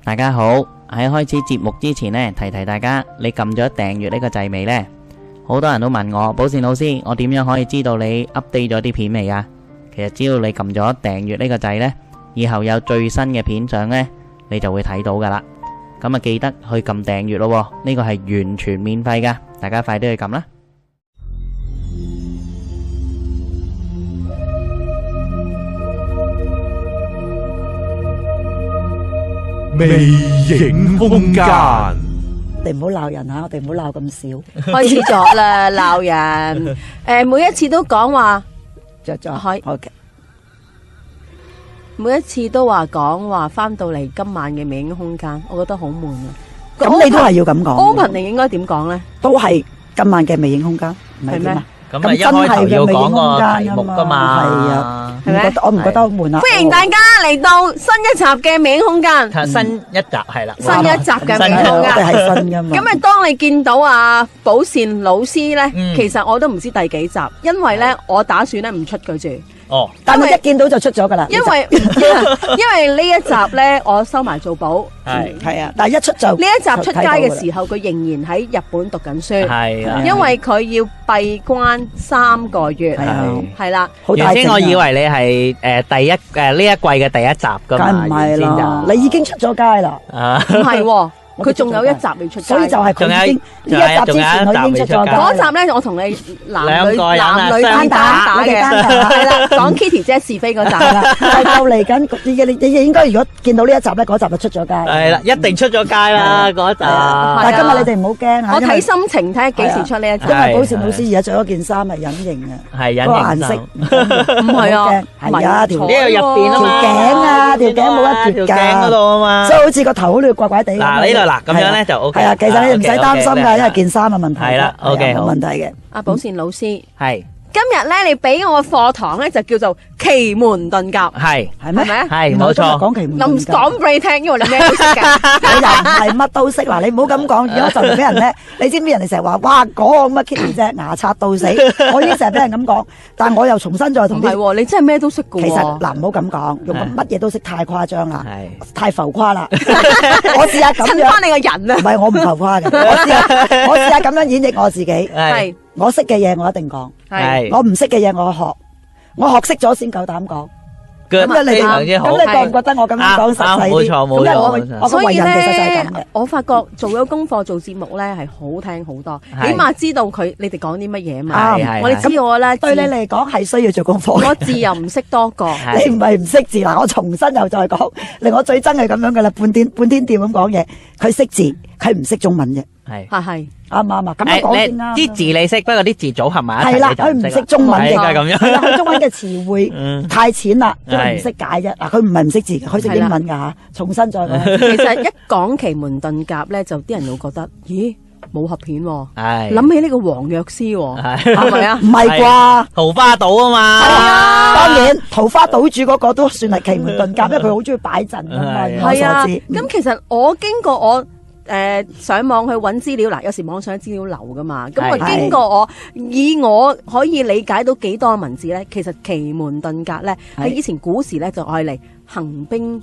.大家好，喺開始節目之前呢，提提大家，你撳咗訂閱呢個掣未呢？好多人都問我，寶善老師，我點樣可以知道你 update 咗啲片未啊？其實只要你撳咗訂閱呢個掣呢，以後有最新嘅片上呢，你就會睇到噶啦。咁啊，記得去撳訂閱咯，呢個係完全免費噶，大家快啲去撳啦。魅影空間，你唔好鬧人吓，我哋唔好鬧咁少，開始咗啦，鬧人。誒，每一次都講話，着咗開，好嘅。每一次都話講話，翻到嚟今晚嘅魅影空間，我覺得好悶啊。咁你都係要咁講，open，你應該點講咧？都係今晚嘅魅影空間，係咩？咁啊，那一開頭要講個題目噶嘛，係嗎啊，係咪？我唔覺得好悶啊！歡迎大家嚟到新一集嘅魅影空間、嗯嗯。新一集係啦，新一集嘅魅影空間。咁啊，當你見到阿寶善老師咧，嗯、其實我都唔知第幾集，因為咧我打算咧唔出佢住。哦，但係一見到就出咗㗎啦，因為因為呢一集咧，我收埋做保，係，係啊，但係一出就呢一集出街嘅時候，佢仍然喺日本讀緊書，係，因為佢要閉關三個月，係啦。原先我以為你係誒第一，誒呢一季嘅第一集㗎嘛，你已經出咗街啦，唔係喎。佢仲有一集未出，所以就係佢已經呢一集之前已經出咗。嗰集咧，我同你男女男女單打，我哋單打，講 Kitty 姐是非嗰集啦。就嚟緊，你你你應該如果見到呢一集咧，嗰集就出咗街。係啦，一定出咗街啦嗰集。但係今日你哋唔好驚啊！我睇心情睇幾時出呢一集。今日寶善老師而家著咗件衫係隱形啊，個顏色唔係啊，有條呢個入邊啊嘛，條頸啊條頸冇一截㗎，嗰度啊嘛，即係好似個頭嗰度怪怪地。嗱，呢度。嗱，咁樣咧就 OK，係啊，其實你唔使擔心噶，啊、okay, okay, 因為件衫嘅問題，係啦，OK，冇問題嘅。阿寶好、啊、善老師，係、嗯。今日咧，你俾我嘅課堂咧就叫做奇門遁甲，係係咩？係冇錯。講奇門，講俾你聽，因為你咩都識嘅，我又唔係乜都識。嗱，你唔好咁講，如果就嚟俾人咧，你知唔知人哋成日話哇嗰個咁啊 Kitty 啫，牙刷到死，我已經成日俾人咁講，但係我又重新再同你係，你真係咩都識嘅。其實嗱，唔好咁講，用乜嘢都識太誇張啦，太浮誇啦。我試下咁樣襯翻你個人啦。唔係我唔浮誇嘅，我試下，我試下咁樣演繹我自己，我識嘅嘢，我一定講。係，我唔識嘅嘢我學，我學識咗先夠膽講。咁啊，你咁咁，你覺唔覺得我咁樣講實際啲？咁咧，我所以，為人其實就係咁嘅。我發覺做咗功課做節目咧，係好聽好多，起碼知道佢你哋講啲乜嘢嘛。我哋知我咧，對你嚟講係需要做功課。我字又唔識多個，你唔係唔識字嗱，我重新又再講。令我最憎係咁樣噶啦，半天半天店咁講嘢。佢識字，佢唔識中文嘅。係啊係啱啊嘛，咁你講先啦。啲字你識，不過啲字組合埋一齊就唔識中文嘅。咁樣，佢中文嘅詞彙太淺啦，都唔識解啫。嗱，佢唔係唔識字嘅，佢識英文噶吓。重新再講，其實一講奇門遁甲咧，就啲人會覺得，咦，武俠片喎。係諗起呢個黃藥師喎。係咪啊？唔係啩？桃花島啊嘛。係啊。當然，桃花島主嗰個都算係奇門遁甲，因為佢好中意擺陣。係啊。咁其實我經過我。誒上網去揾資料嗱，有時網上資料流噶嘛，咁啊經過我以我可以理解到幾多文字咧，其實奇門遁甲咧係以前古時咧就係嚟行兵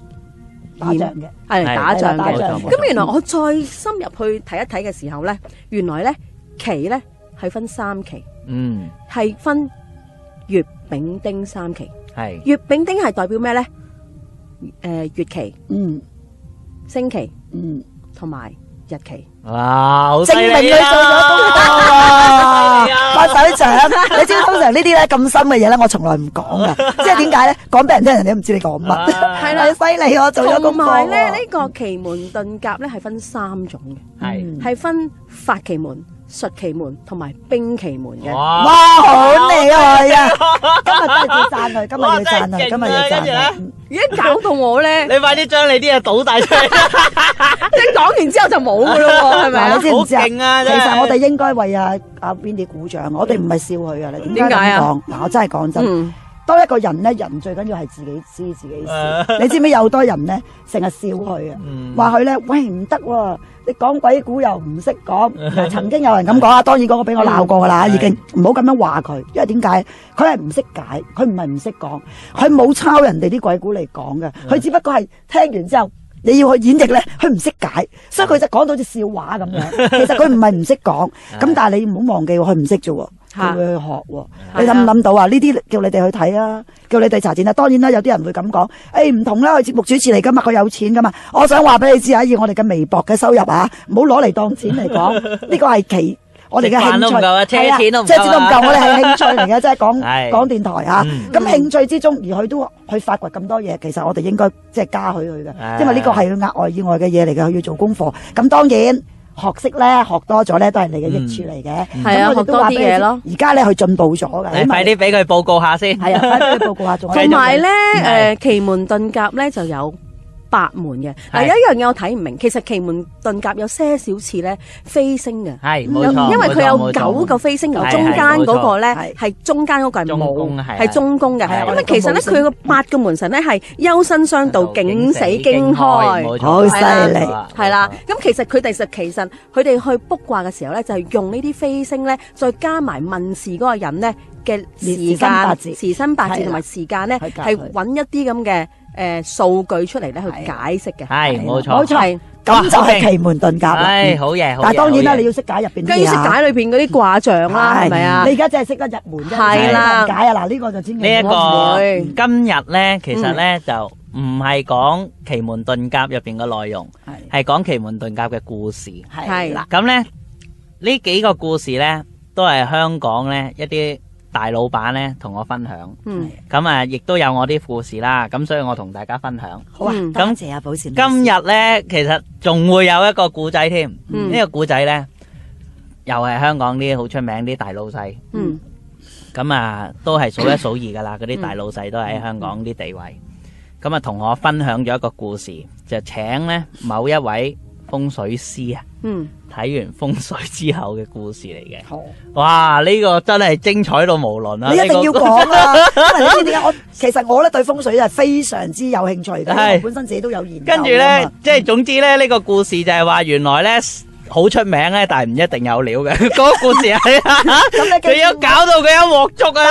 打仗嘅，係嚟打仗嘅。咁原來我再深入去睇一睇嘅時候咧，原來咧奇咧係分三奇，嗯係分月丙丁三奇。係月丙丁係代表咩咧？誒月奇，嗯星奇，嗯。同埋日期，哇！證明佢做咗功啊！發手掌，你知通常呢啲咧咁深嘅嘢咧，我從來唔講嘅，即係點解咧？講俾人聽，人哋都唔知你講乜。係啦，犀利！我做咗功，同埋咧呢個奇門遁甲咧係分三種嘅，係係分法奇門。術奇門同埋兵奇門嘅，哇好厲、啊、害啊！今日都要讚佢，今日要讚佢，今日要讚佢，已經搞到我咧。 你快啲將你啲嘢倒大出嚟，一 講 完之後就冇噶咯喎，係咪？先正啊！啊，其實我哋應該為啊啊邊啲鼓掌，我哋唔係笑佢啊，你點解咁講？嗱，我真係講真。嗯當一個人咧，人最緊要係自己知自己事。 你知唔知有好多人咧，成日笑佢啊，話佢咧，喂，唔得喎，你講鬼故又唔識講。 曾經有人咁講啊，當然嗰個俾我鬧過噶啦， 已經唔好咁樣話佢，因為點解？佢係唔識解，佢唔係唔識講，佢冇抄人哋啲鬼故嚟講嘅，佢只不過係聽完之後。你要去演繹咧，佢唔識解，所以佢就講到似笑話咁樣。其實佢唔係唔識講，咁但係你唔好忘記喎，佢唔識啫喎，佢會去學喎。你諗唔諗到啊？呢啲叫你哋去睇啊，叫你哋查錢啊。當然啦，有啲人會咁講，誒，唔同啦，佢節目主持嚟㗎嘛，佢有錢㗎嘛。我想話俾你知啊，以我哋嘅微博嘅收入啊，唔好攞嚟當錢嚟講，呢個係其。我哋嘅興趣都唔夠，即係知道唔夠。我哋係興趣嚟嘅，即係講講電台吓。咁興趣之中，而佢都去發掘咁多嘢，其實我哋應該即係嘉許佢嘅，因為呢個係佢額外以外嘅嘢嚟嘅，佢要做功課。咁當然學識咧，學多咗咧，都係你嘅益處嚟嘅。咁學多啲嘢咯。而家咧，佢進步咗㗎，你快啲俾佢報告下先。係啊，快啲報告下做。同埋咧，誒，奇門遁甲咧就有八門嘅，但有一樣嘢我睇唔明，其實奇門遁甲有些少似咧飛星嘅，係，因為佢有九個飛星，由中間個咧係中間嗰個係冇，係中宮嘅，咁啊其實咧佢個八個門神咧係休生傷杜，景死驚開，好犀利，係啦，咁其實佢哋實奇門佢哋去卜卦嘅時候咧就係用呢啲飛星咧，再加埋問事嗰個人呢嘅時間、時辰、八字同埋時間咧係揾一啲咁嘅。誒，數據出嚟咧去解釋嘅，係冇錯，冇錯，咁就係奇門遁甲啦。係好嘢，但係當然啦，你要識解入邊啲，跟住識解裏邊嗰啲卦象啊，係咪啊？你而家真係識得入門，識得遁解啊！嗱，呢個就千祈唔好去。今日咧，其實咧就唔係講奇門遁甲入邊嘅內容，係講奇門遁甲嘅故事。係啦，咁咧呢幾個故事咧都係香港咧一啲。大老闆咧同我分享，咁啊亦都有我啲故事啦，咁所以我同大家分享。好啊、嗯，咁謝阿寶善。今日呢，姓其實仲會有一個故仔添，呢、嗯、個故仔呢，又係香港啲好出名啲大老細，咁、嗯、啊都係數一數二噶啦，嗰啲 大老細都喺香港啲地位，咁啊同我分享咗一個故事，就請呢某一位，風水師啊，嗯，睇完風水之後嘅故事嚟嘅，哦、哇，呢、這個真係精彩到無倫啊！你一定要講啊！ 因為你知唔知點解？我其實我咧對風水係非常之有興趣嘅，是我本身自己都有研究。跟住咧，樣即係總之咧，呢、嗯、個故事就係話原來咧。好出名咧，但係唔一定有料嘅。嗰個故事係啊，咁你記一搞到佢一鑊粥啊！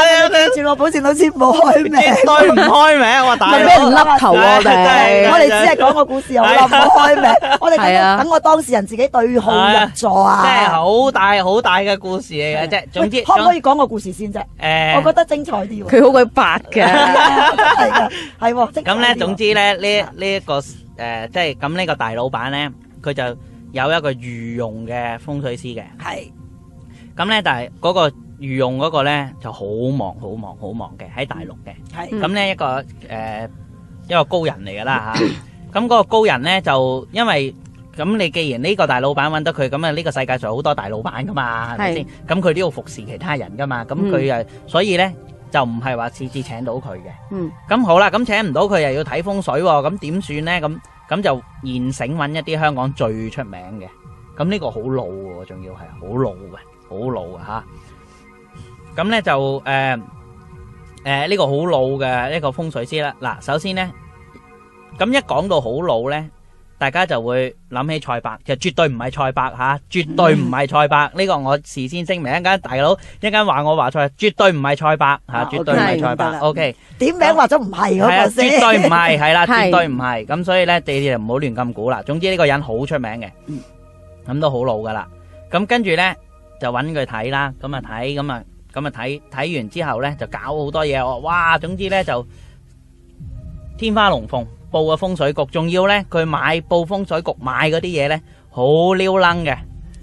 記住我，寶善老師冇開名，絕對唔開名。我打咩唔甩頭啊？我哋，我哋只係講個故事，我唔好開名。我哋等我當事人自己對號入座啊！即係好大好大嘅故事嚟嘅啫。即係總之可唔可以講個故事先啫？誒，我覺得精彩啲。佢好鬼白嘅，係喎。咁咧，總之咧，呢呢一個誒，即係咁呢個大老闆咧，佢就。有一個御用嘅風水師嘅，係，咁呢，但係嗰個御用嗰個呢就好忙，好忙，好忙嘅，喺大陸嘅，係，咁呢一個誒一個高人嚟噶啦吓，咁嗰個高人呢就因為咁你既然呢個大老闆揾得佢，咁啊呢個世界上好多大老闆噶嘛，係咪先？咁佢都要服侍其他人噶嘛，咁佢啊，所以呢就唔係話次次請到佢嘅，嗯，咁好啦，咁請唔到佢又要睇風水喎，咁點算呢咁？咁就現成揾一啲香港最出名嘅，咁呢個好老嘅，仲要係好老嘅，好老嘅吓。咁咧就誒誒呢個好老嘅一個風水師啦。嗱，首先咧，咁一講到好老咧。大家就會諗起蔡伯，其實絕對唔係蔡伯吓，絕對唔係蔡伯。呢 個我事先聲明，一間大佬一間話我話蔡，絕對唔係蔡伯吓，絕對唔係蔡伯。O K，點名或者唔係，係啊 是，絕對唔係，係啦，絕對唔係。咁所以呢，你哋就唔好亂咁估啦。總之呢個人好出名嘅，咁 都好老㗎啦。咁跟住呢，就揾佢睇啦，咁啊睇，咁啊咁啊睇，睇完之後呢，就搞好多嘢，哇！總之呢，就天花龍鳳。報個風水局仲要咧，佢買報風水局買嗰啲嘢咧，好溜楞嘅，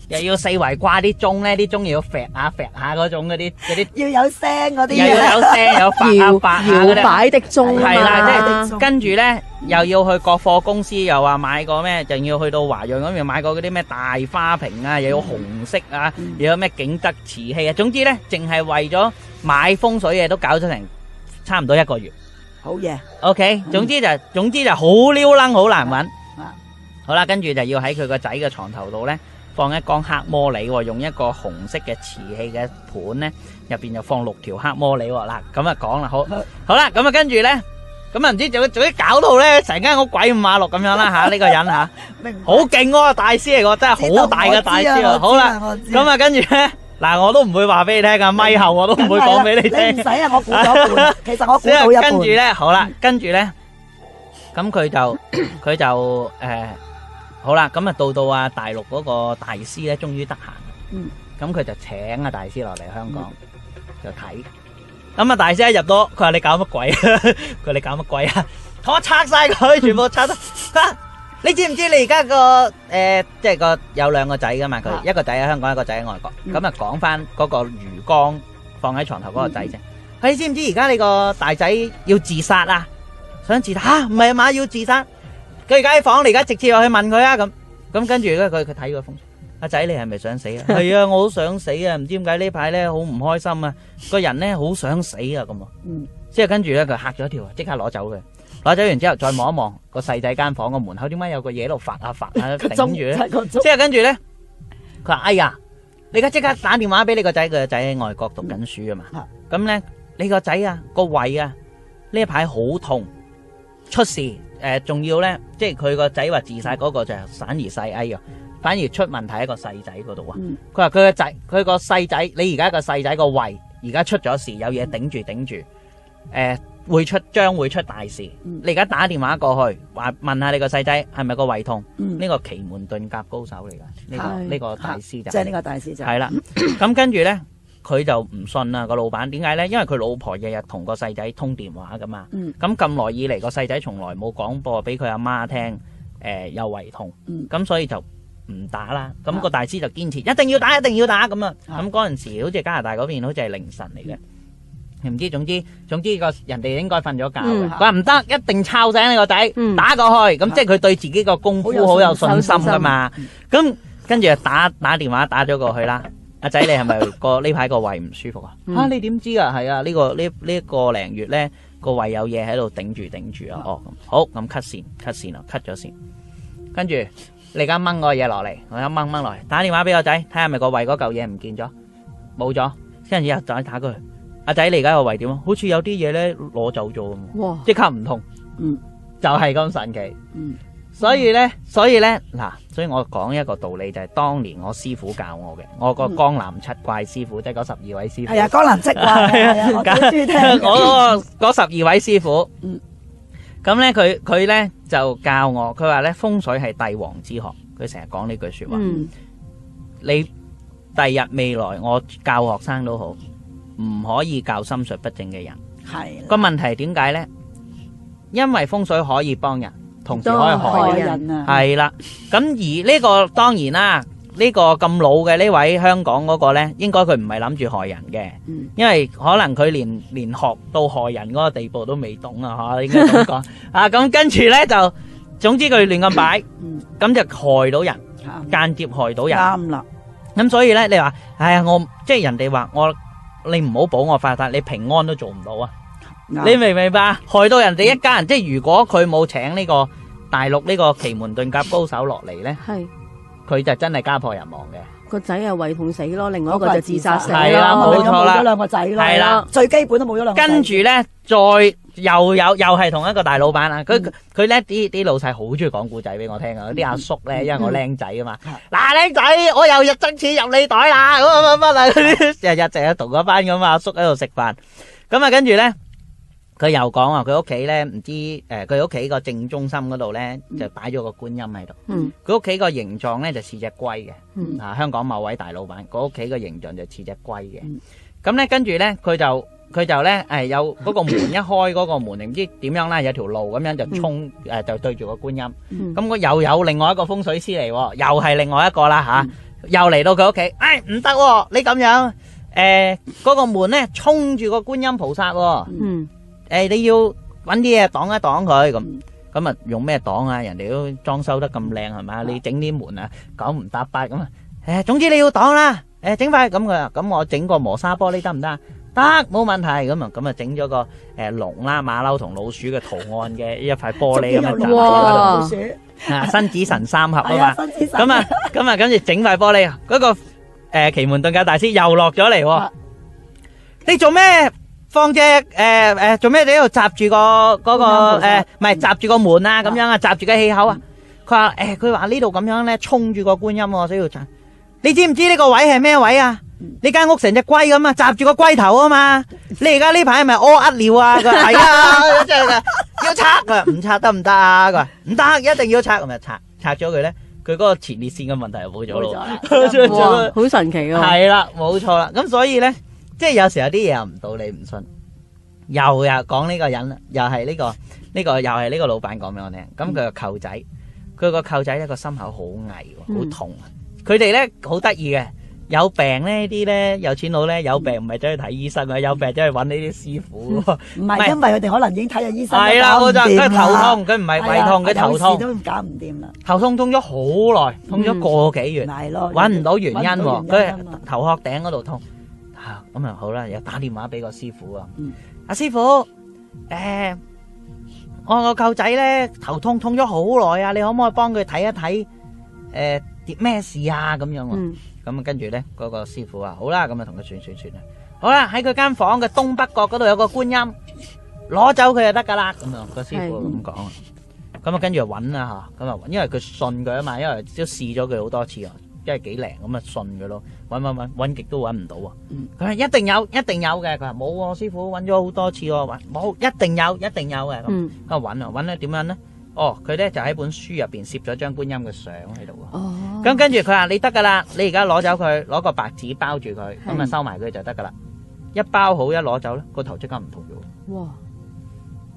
又要四圍掛啲鐘咧，啲鐘要揈下揈下嗰種嗰啲嗰啲，要有聲嗰啲，要有聲有擺下擺下嗰啲擺的鐘係啦，跟住咧又要去國貨公司，又話買個咩，仲要去到華潤嗰邊買個嗰啲咩大花瓶啊，又要紅色啊，又有咩景德鎮瓷器啊，總之咧淨係為咗買風水嘢都搞咗成差唔多一個月。好嘢，OK。總之就總之就好撩楞，好難揾。啊，好啦，跟住就要喺佢個仔嘅床頭度咧，放一缸黑魔理，用一個紅色嘅瓷器嘅盤咧，入邊就放六條黑魔理。嗱，咁啊講啦，好，好啦，咁啊跟住咧，咁啊唔知做做啲搞到咧，成間屋好鬼五馬六咁樣啦吓，呢個人吓，好勁啊，大師嚟個，真係好大嘅大師。好啦，咁啊跟住咧。嗱，我都唔會話俾你聽噶，咪后我都唔會講俾你聽。你唔使啊，我估咗半。其實我估咗一半。跟住咧，好啦，跟住咧，咁佢就佢就誒，好啦，咁啊到到啊大陸嗰個大師咧，終於得閒。嗯。咁佢就請啊大師落嚟香港，就睇。咁啊大師一入到，佢話你搞乜鬼啊？佢話你搞乜鬼啊？同我拆晒佢，全部拆得。你知唔知你而家個誒，即係個有兩個仔噶嘛？佢一個仔喺香港，一個仔喺外國。咁啊，講翻嗰個魚缸放喺床頭嗰個仔啫。佢知唔知而家你個大仔要自殺啊？想自殺？唔係啊嘛，要自殺。佢而家喺房，你而家直接落去問佢啊咁。咁跟住咧，佢佢睇個風，阿仔你係咪想死啊？係啊，我好想死啊！唔知點解呢排咧好唔開心啊，個人咧好想死啊咁咯。嗯，即係跟住咧佢吓咗一跳，即刻攞走嘅。攞走完之後，再望一望個細仔間房個門口，點解有個嘢度發下、啊、發下頂住即係，跟住咧，佢話哎呀，你而家即刻打電話俾你個仔。佢個仔喺外國讀緊書啊嘛。咁咧、嗯，你個仔啊個胃啊呢一排好痛，出事誒，仲、呃、要咧，即係佢個仔話自殺嗰個就反而細哎嘅，反而出問題喺個細仔嗰度啊。佢話佢個仔佢個細仔，你而家個細仔個胃而家出咗事，有嘢頂住頂住誒。會出將會出大事，你而家打電話過去，話問下你個細仔係咪個胃痛？呢個奇門遁甲高手嚟噶，呢個呢個大師就即係呢個大師就係啦。咁跟住呢，佢就唔信啦，個老闆。點解呢？因為佢老婆日日同個細仔通電話噶嘛。咁咁耐以嚟個細仔從來冇講過俾佢阿媽聽，誒有胃痛。咁所以就唔打啦。咁個大師就堅持一定要打，一定要打咁啊。咁嗰陣時好似加拿大嗰邊好似係凌晨嚟嘅。唔知，總之總之個人哋應該瞓咗覺嘅。佢話唔得，一定抄醒你個仔，嗯、打過去。咁即係佢對自己個功夫好有信心噶嘛。咁、嗯、跟住打打電話打咗過去啦。阿仔 你係咪個呢排個胃唔舒服啊？吓、嗯、你點知啊？係啊，這個這個、呢個呢呢個零月咧個胃有嘢喺度頂住頂住啊！哦，好咁 cut 線 cut 線啦，cut 咗線。線線線，跟住你而家掹個嘢落嚟，我而家掹掹落嚟，打電話俾個仔，睇下咪個胃嗰嚿嘢唔見咗，冇咗。跟住又再打過去。阿仔，你而家個位點啊？好似有啲嘢，咧攞走咗咁，即刻唔痛。嗯哇，就係咁神奇。嗯所，所以咧，所以咧，嗱，所以我講一個道理，就係、是、當年我師傅教我嘅，我個江南七怪師傅，即係嗰十二位師傅。係啊、嗯， 江南七怪、啊， 我好中意聽。哦、 嗰個，嗰十二位師傅，嗯。咁咧，佢佢咧就教我，佢話咧風水係帝王之學，佢成日講呢句說話。嗯、你第日未來日，我教學生都好。唔可以教心術不正嘅人係個問題，點解呢？因為風水可以幫人，同時可以害人啊。係啦，咁而呢個當然啦，呢個咁老嘅呢位香港嗰個呢，應該佢唔係諗住害人嘅，因為可能佢連連學到害人嗰個地步都未懂啊。吓，應該咁講啊。咁跟住呢就，總之佢亂咁擺，咁就害到人，間接害到人。啱啦。咁所以呢，你話哎呀，我即係人哋話我。你唔好保我發達，你平安都做唔到啊！嗯、你明唔明白？害到人哋一家人，嗯、即係如果佢冇請呢個大陸呢個奇門遁甲高手落嚟呢，係佢是就真係家破人亡嘅。個仔啊，胃痛死咯，另外一個就自殺死的的啦，冇咗兩個仔咯，的最基本都冇咗兩個仔。跟住呢，再。又有又係同一個大老闆啦，佢佢咧啲啲老細好中意講故仔俾我聽啊！啲阿叔咧，因為我靚仔啊嘛，嗱靚仔，我又入真錢入你袋啦！咁啊，咪日日成日同一班咁啊，阿叔喺度食飯，咁啊跟住咧，佢又講話佢屋企咧唔知誒，佢屋企個正中心嗰度咧就擺咗個觀音喺度。嗯，佢屋企個形狀咧就似隻龜嘅。嗯，啊香港某位大老闆佢屋企個形狀就似隻龜嘅。咁咧跟住咧佢就。佢就咧，誒，有嗰個門一開，嗰個門你唔知點樣啦，有條路咁樣就衝，誒，就對住個觀音。咁我又有另外一個風水師嚟，又係另外一個啦吓，又嚟到佢屋企。誒，唔得，你咁樣，誒，嗰個門咧衝住個觀音菩薩。嗯。誒，你要搵啲嘢擋一擋佢咁，咁啊用咩擋啊？人哋都裝修得咁靚係咪，你整啲門啊，九唔搭八咁啊。誒，總之你要擋啦。誒，整翻咁佢，咁我整個磨砂玻璃得唔得啊？得，冇問題，咁、呃、 啊，咁啊，整咗個誒龍啦、馬騮同老鼠嘅圖案嘅一塊玻璃咁啊，集埋啦，老鼠啊，申子辰三合啊嘛，咁啊， 咁啊，跟住整塊玻璃，嗰、那個誒、呃、奇門遁甲大師又落咗嚟，啊、你做咩，方姐，誒、呃、誒，做咩你喺度閘住個嗰個誒，唔係閘住個門啊，咁樣啊，閘住個氣口啊，佢話誒，佢話、欸、呢度咁樣咧，衝住個觀音啊，所以集，你知唔知呢個位係咩位啊？呢間屋成隻龜咁啊，紮住個龜頭啊嘛！你而家呢排係咪屙呃尿啊？佢話係啊，真係要拆佢唔拆得唔得啊？佢話唔得，一定要拆，咁咪 拆，拆咗佢咧，佢嗰個前列腺嘅問題又冇咗咯。好神奇啊！係啦， 冇錯啦。咁所以咧，即係有時有啲嘢又唔到你唔信，又又講呢個人又係呢個呢個又係呢個老闆講俾我聽。咁佢個舅仔，佢個舅仔一個心口好危，好痛啊！佢哋咧好得意嘅。 有病咧，呢啲咧有錢佬咧有病唔係走去睇醫生啊，有病走去搵呢啲師傅喎。唔係因為佢哋可能已經睇咗醫生，搞唔掂。佢頭痛，佢唔係胃痛，佢頭痛都搞唔掂啦。頭痛痛咗好耐，痛咗個幾月，搵唔到原因喎。佢頭殼頂嗰度痛嚇，咁啊好啦，又打電話俾個師傅啊。阿師傅，誒我個舅仔咧頭痛痛咗好耐啊，你可唔可以幫佢睇一睇誒啲咩事啊？咁樣。咁啊，跟住咧，嗰個師傅話好啦，咁啊，同佢算算算啊，好啦，喺佢間房嘅東北角嗰度有個觀音，攞走佢就得㗎喇。咁啊，個師傅咁講啊。咁啊，跟住就搵啦吓，咁啊，因為佢信佢啊嘛，因為都試咗佢好多次啊，因為幾靈，咁啊，信佢咯，搵搵搵搵極都搵唔到啊。佢話一定有，一定有嘅。佢話冇喎，師傅搵咗好多次喎，搵冇，一定有，一定有嘅。咁啊，搵啊，搵咧點樣咧？哦，佢咧就喺本書入邊攝咗張觀音嘅相喺度。咁跟住佢話，你得噶啦，你而家攞走佢，攞個白紙包住佢，咁啊收埋佢就得噶啦。一包好，一攞走咧，個頭即刻唔同咗。哇！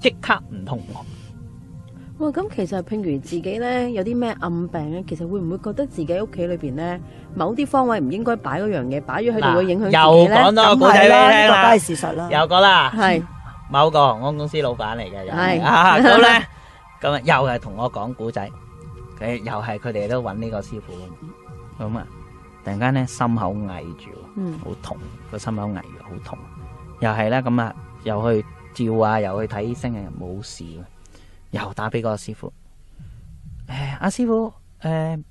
即刻唔同喎。哇！咁其實譬如自己咧有啲咩暗病咧，其實會唔會覺得自己屋企裏邊咧某啲方位唔應該擺嗰樣嘢，擺咗喺度會影響自己咧？又講多個古仔啦，呢個梗係事實啦。又講啦，係某個航空公司老闆嚟嘅，係啊，好咧，今日又係同我講古仔。又係佢哋都揾呢個師傅，咁啊，突然間咧心口翳住，嗯，好痛，個心口翳住，好痛，又係啦，咁啊，又去照啊，又去睇醫生嘅，冇事，又打俾個師傅，誒、哎，阿、啊、師傅，誒、呃，誒、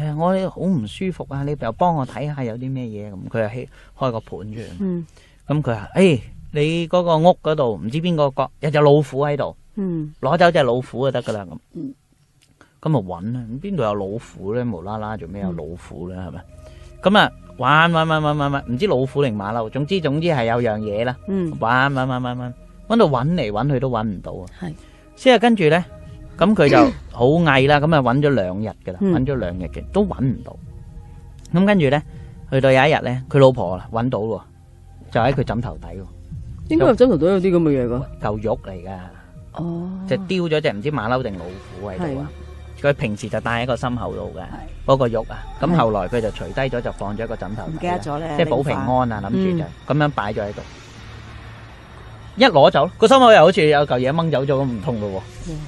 呃，我好唔舒服啊，你又幫我睇下有啲咩嘢咁，佢又開開、欸、個盤啫，嗯，咁佢話，誒，你嗰個屋嗰度唔知邊個角有隻老虎喺度，嗯，攞走隻老虎就得噶啦，咁，咁咪揾啦，咁邊度有老虎咧？無啦啦做咩有老虎咧？係咪？咁啊，揾揾揾揾揾，唔知老虎定馬騮，總之總之係有樣嘢啦。嗯，揾揾揾揾揾，揾到揾嚟揾去都揾唔到啊。係。先係跟住咧，咁佢就好翳啦。咁啊，揾咗兩日噶啦，揾咗兩日嘅都揾唔到。咁跟住咧，去到有一日咧，佢老婆啦揾到喎，就喺佢枕頭底。應該係枕頭底有啲咁嘅嘢噶？嚿肉嚟噶。哦。就丟咗隻唔知馬騮定老虎喺度啊？佢平時就戴喺個心口度嘅，嗰個玉啊，咁後來佢就除低咗，就放咗一個枕頭，即係保平安啊，諗住就咁樣擺咗喺度。一攞走，個心口又好似有嚿嘢掹走咗，唔痛咯，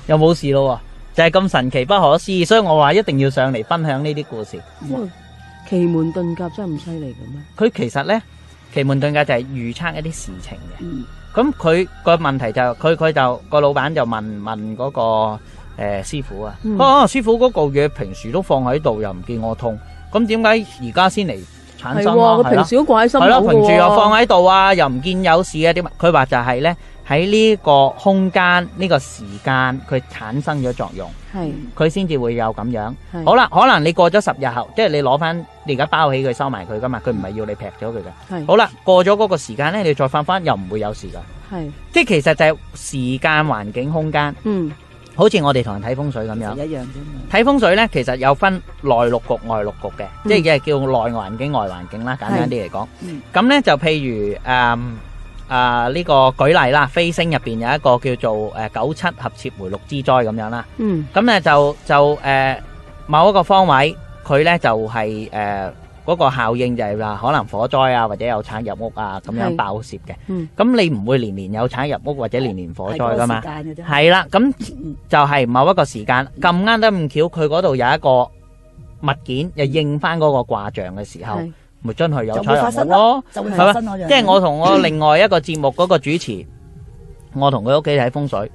又冇事咯，就係咁神奇不可思議，所以我話一定要上嚟分享呢啲故事。奇門遁甲真係咁犀利嘅咩？佢其實咧，奇門遁甲就係預測一啲事情嘅。咁佢個問題就係，佢佢就個老闆就問問嗰個。誒、呃，師傅啊，哦、嗯啊，師傅，嗰個月平時都放喺度，又唔見我痛，咁點解而家先嚟產生啊？啊平時都掛喺度，係啦，平時又放喺度啊，啊又唔見有事啊，點啊？佢話就係咧，喺呢個空間，呢、這個時間，佢產生咗作用，係是，佢先至會有咁樣。是好啦，可能你過咗十日後，即係你攞翻，你而家包起佢，收埋佢噶嘛，佢唔係要你劈咗佢嘅。是好啦，過咗嗰個時間咧，你再放翻，又唔會有事噶。係是，是即係其實就係時間、環境、空間。嗯。嗯好似我哋同人睇風水咁樣一樣，睇風水呢，其實有分內六局、外六局嘅，嗯、即係叫內環境、外環境啦。簡單啲嚟講，咁、嗯、呢就譬如誒誒呢個舉例啦，飛星入邊有一個叫做誒、呃、九七合切回禄之災咁樣啦。嗯，咁呢就就誒、呃、某一個方位，佢呢就係、是、誒。呃嗰個效應就係話，可能火災啊，或者有產入屋啊，咁樣爆竊嘅。嗯，咁你唔會年年有產入屋或者年年火災噶嘛？係啦，咁就係某一個時間咁啱得咁巧，佢嗰度有一個物件又應翻嗰個卦象嘅時候，咪真係有產入屋咯？係咪？即係我同我另外一個節目嗰個主持，我同佢屋企睇風水，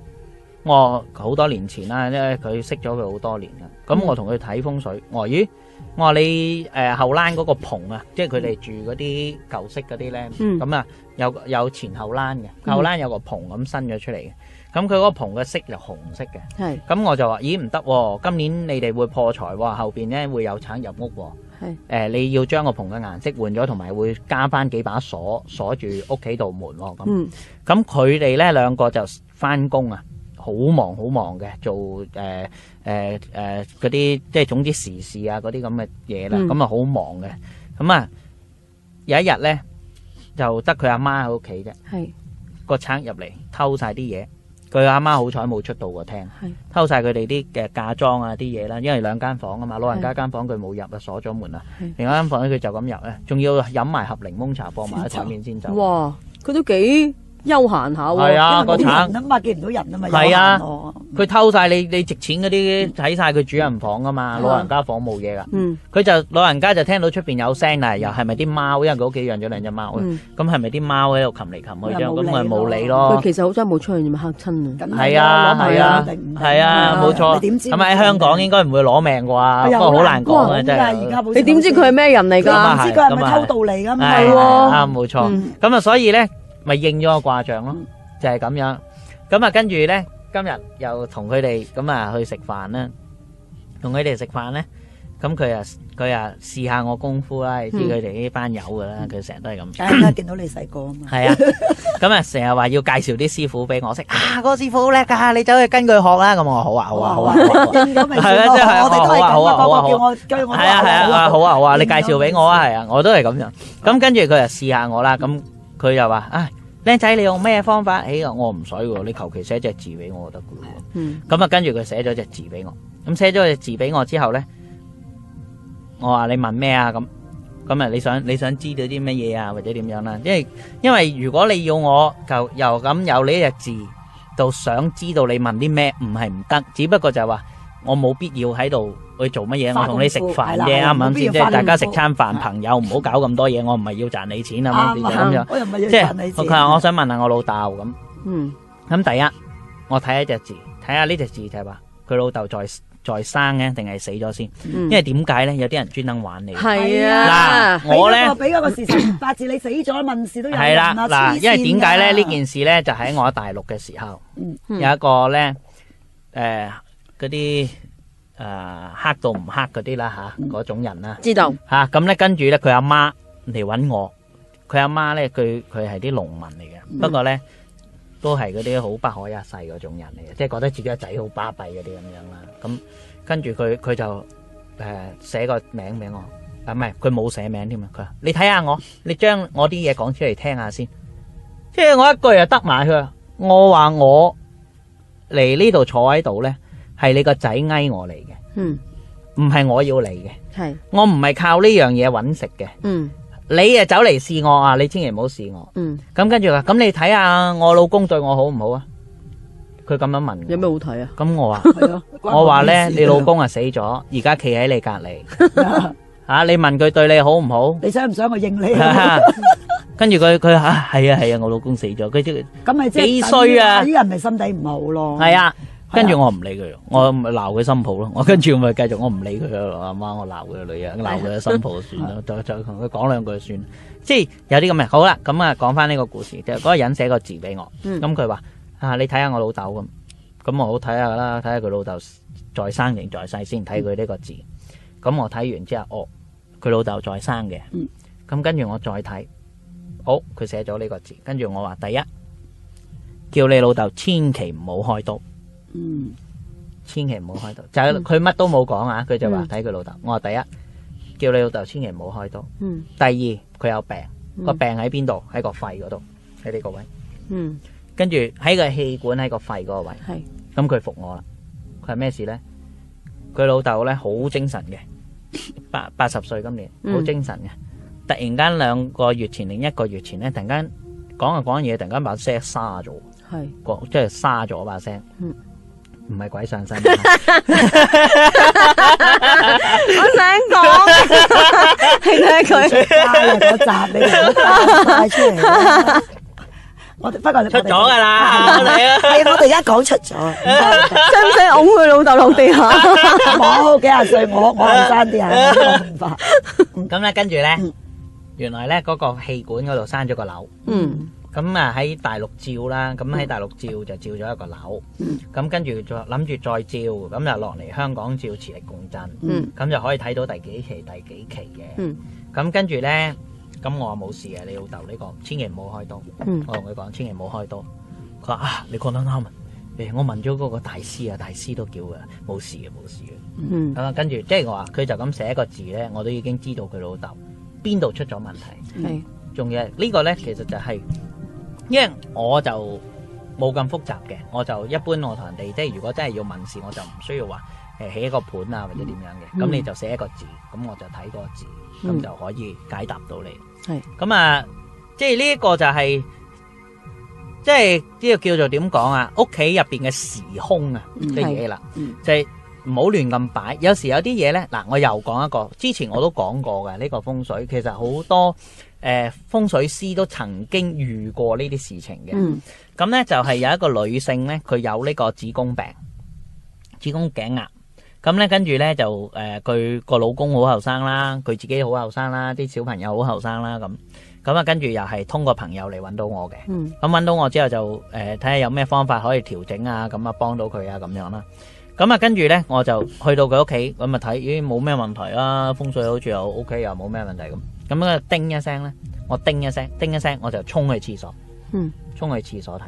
我好多年前啦，因為佢識咗佢好多年嘅，咁我同佢睇風水，我話咦～我話你誒後欄嗰個棚啊，即係佢哋住嗰啲舊式嗰啲咧，咁啊、嗯、有有前後欄嘅，後欄有個棚咁伸咗出嚟嘅，咁佢嗰個棚嘅色就紅色嘅，咁是我就話咦，唔得、啊，今年你哋會破財喎、啊，後邊咧會有產入屋喎、啊，誒是、呃、你要將個棚嘅顏色換咗，同埋會加返幾把鎖鎖住屋企度門喎、啊，咁咁佢哋咧兩個就返工啊，好忙好忙嘅做誒。呃誒誒，嗰啲、呃呃、即係總之時事啊，嗰啲咁嘅嘢啦，咁、嗯、啊好忙嘅，咁啊有一日咧，就得佢阿媽喺屋企啫，係個賊入嚟偷晒啲嘢，佢阿媽好彩冇出到個廳，係是偷晒佢哋啲嘅嫁妝啊啲嘢啦，因為兩間房啊嘛，老人家間房佢冇入啊鎖咗門啦，另外間房咧佢就咁入咧，仲要飲埋盒檸檬茶，放埋喺上面先走，哇，佢都幾。悠閒下喎，因為冇人啊嘛，見唔到人啊嘛，佢偷曬你你值錢嗰啲，睇曬佢主人房㗎嘛，老人家房冇嘢㗎。嗯，佢就老人家就聽到出邊有聲呀，又係咪啲貓？因為佢屋企養咗兩隻貓，咁係咪啲貓喺度擒嚟擒去咁？咁咪冇理咯。佢其實好彩冇出去，咪嚇親啊！係啊，係啊，係啊，冇錯。你點知？咁喺香港應該唔會攞命啩？不過好難講啊，真係。你點知佢係咩人嚟㗎？你點知佢係咪偷渡嚟㗎？唔係喎。啊，冇錯。咁啊，所以咧。咪應咗個卦象咯，就係咁樣。咁啊，跟住咧，今日又同佢哋咁啊去食飯啦，同佢哋食飯咧，咁佢啊佢啊試下我功夫啦，知佢哋呢班友噶啦，佢成日都係咁。梗係啦，見到你細個啊嘛。係啊，咁啊成日話要介紹啲師傅俾我識，啊個師傅好叻噶，你走去跟佢學啦。咁我好啊，好啊，好啊。見到明師傅，我哋都係咁樣，個個叫我叫我係啊係啊，好啊好啊，你介紹俾我啊，係啊，我都係咁樣。咁跟住佢啊試下我啦，咁。佢就話，唉，靚仔，你用咩方法？哎呀，我唔使喎，你求其寫隻字俾我就得噶啦。咁啊，跟住佢寫咗隻字俾我，咁寫咗隻字俾我之後咧，我話你問咩啊？咁咁啊，你想你想知道啲乜嘢啊，或者點樣啦？因為因為如果你要我就又咁有你隻字，就想知道你問啲咩，唔係唔得，只不過就係話我冇必要喺度。我做乜嘢？我同你食飯嘅，啱唔啱先？即係大家食餐飯，朋友唔好搞咁多嘢。我唔係要賺你錢啊！咁樣。我又唔係要賺你錢。即係，我想問下我老豆咁。嗯。咁第一，我睇一隻字，睇下呢隻字就係話佢老豆在在生嘅，定係死咗先？因為點解咧？有啲人專登玩你。係啊。嗱，我咧俾個事實八字，你死咗問事都有。係啦，嗱，因為點解咧？呢件事咧就喺我喺大陸嘅時候，有一個咧，誒，嗰啲。誒、呃，黑到唔黑嗰啲啦吓，嗰、啊、種人啦、啊，知道吓咁咧，跟住咧佢阿媽嚟搵我，佢阿媽咧，佢佢係啲農民嚟嘅，不過咧都係嗰啲好不可一世嗰種人嚟嘅，即係覺得自己個仔好巴閉嗰啲咁樣啦。咁、啊、跟住佢佢就誒寫、呃、個名俾我，啊唔係佢冇寫名添啊，佢話你睇下我，你將我啲嘢講出嚟聽下先，即係我一句又得埋佢，我話我嚟呢度坐喺度咧。係你個仔嗌我嚟嘅。嗯，唔係我要嚟嘅，係我唔係靠呢樣嘢搵食嘅，嗯，你誒走嚟試我啊，你千祈唔好試我，嗯，咁跟住話，咁你睇下我老公對我好唔好啊？佢咁樣問，有咩好睇啊？咁我話，我話咧，你老公啊死咗，而家企喺你隔籬，吓你問佢對你好唔好？你想唔想我應你？跟住佢佢吓，係啊係啊，我老公死咗，佢即係，咁咪幾衰啊！啲人咪心底唔好咯，係啊。跟住我唔理佢，我鬧佢心抱咯。我跟住咪繼續，我唔理佢阿媽，媽，我鬧佢個女人，鬧佢個新抱算啦。再 就同佢講兩句算，即係有啲咁嘅。好啦，咁啊，講翻呢個故事，就嗰、是、個人寫個字俾我。咁佢話啊，你睇下我老豆咁，咁我好睇下啦，睇下佢老豆在生定在世先睇佢呢個字。咁、嗯、我睇完之後，哦，佢老豆在生嘅，咁跟住我再睇，好、哦、佢寫咗呢個字，跟住我話第一，叫你老豆千祈唔好開刀。嗯，千祈唔好開刀，就係佢乜都冇講啊，佢、嗯、就話睇佢老豆。我話第一，叫你老豆千祈唔好開刀。嗯，第二佢有病，嗯、病個病喺邊度？喺、嗯、個、個肺嗰度，喺呢個位。嗯，跟住喺個氣管，喺個肺嗰個位。係，咁佢服我啦。佢係咩事咧？佢老豆咧好精神嘅，八八十歲今年好精神嘅。突然間兩個月前另一個月前咧，突然間講啊講嘢，突然間把聲沙咗。係是，即係沙咗把聲。嗯。唔係鬼上身，我想講，係睇佢。出咗嗰集，你帶出嚟。我不過出咗噶啦，你啊，係我哋一講出咗，真係拱佢老豆老地吓，冇幾廿歲，我我後生啲人，我唔怕。咁咧，跟住咧，原來咧嗰個氣管嗰度生咗個瘤。嗯。咁啊喺大陸照啦，咁喺大陸照就照咗一個樓，咁、嗯、跟住再諗住再照，咁就落嚟香港照磁力共振，咁、嗯、就可以睇到第幾期第幾期嘅。咁、嗯、跟住呢，咁我話冇事啊，你老豆呢個千祈唔好開刀。嗯、我同佢講千祈唔好開刀。佢話啊，你講得啱啊，我問咗嗰個大師啊，大師都叫嘅冇事嘅冇事嘅。咁啊、嗯、跟住即係我話佢就咁寫一個字呢，我都已經知道佢老豆邊度出咗問題。仲、嗯嗯、有呢、這個呢，其實就係、是。因為我就冇咁複雜嘅，我就一般我同人哋即係如果真係要問事，我就唔需要話誒、呃、起一個盤啊或者點樣嘅，咁、嗯、你就寫一個字，咁我就睇嗰個字，咁、嗯、就可以解答到你。係咁是啊，即係呢一個就係、是、即係呢個叫做點講啊？屋企入邊嘅時空啊嘅嘢啦，就係唔好亂咁擺。有時有啲嘢咧，嗱我又講一個，之前我都講過嘅呢、這個風水，其實好多。誒，風水師都曾經遇過呢啲事情嘅。咁呢、嗯、就係有一個女性呢，佢有呢個子宮病、子宮頸癌。咁呢跟住呢，就誒，佢、呃、個老公好後生啦，佢自己好後生啦，啲小朋友好後生啦。咁咁啊，跟住又係通過朋友嚟搵到我嘅。咁搵、嗯、到我之後就誒，睇、呃、下有咩方法可以調整啊，咁啊幫到佢啊咁樣啦。咁啊跟住呢，我就去到佢屋企咁啊睇，咦冇咩問題啦、啊，風水好似又 OK 又冇咩問題咁。咁咧叮一聲咧，我叮一聲，叮一聲我就衝去廁所，嗯，衝去廁所睇，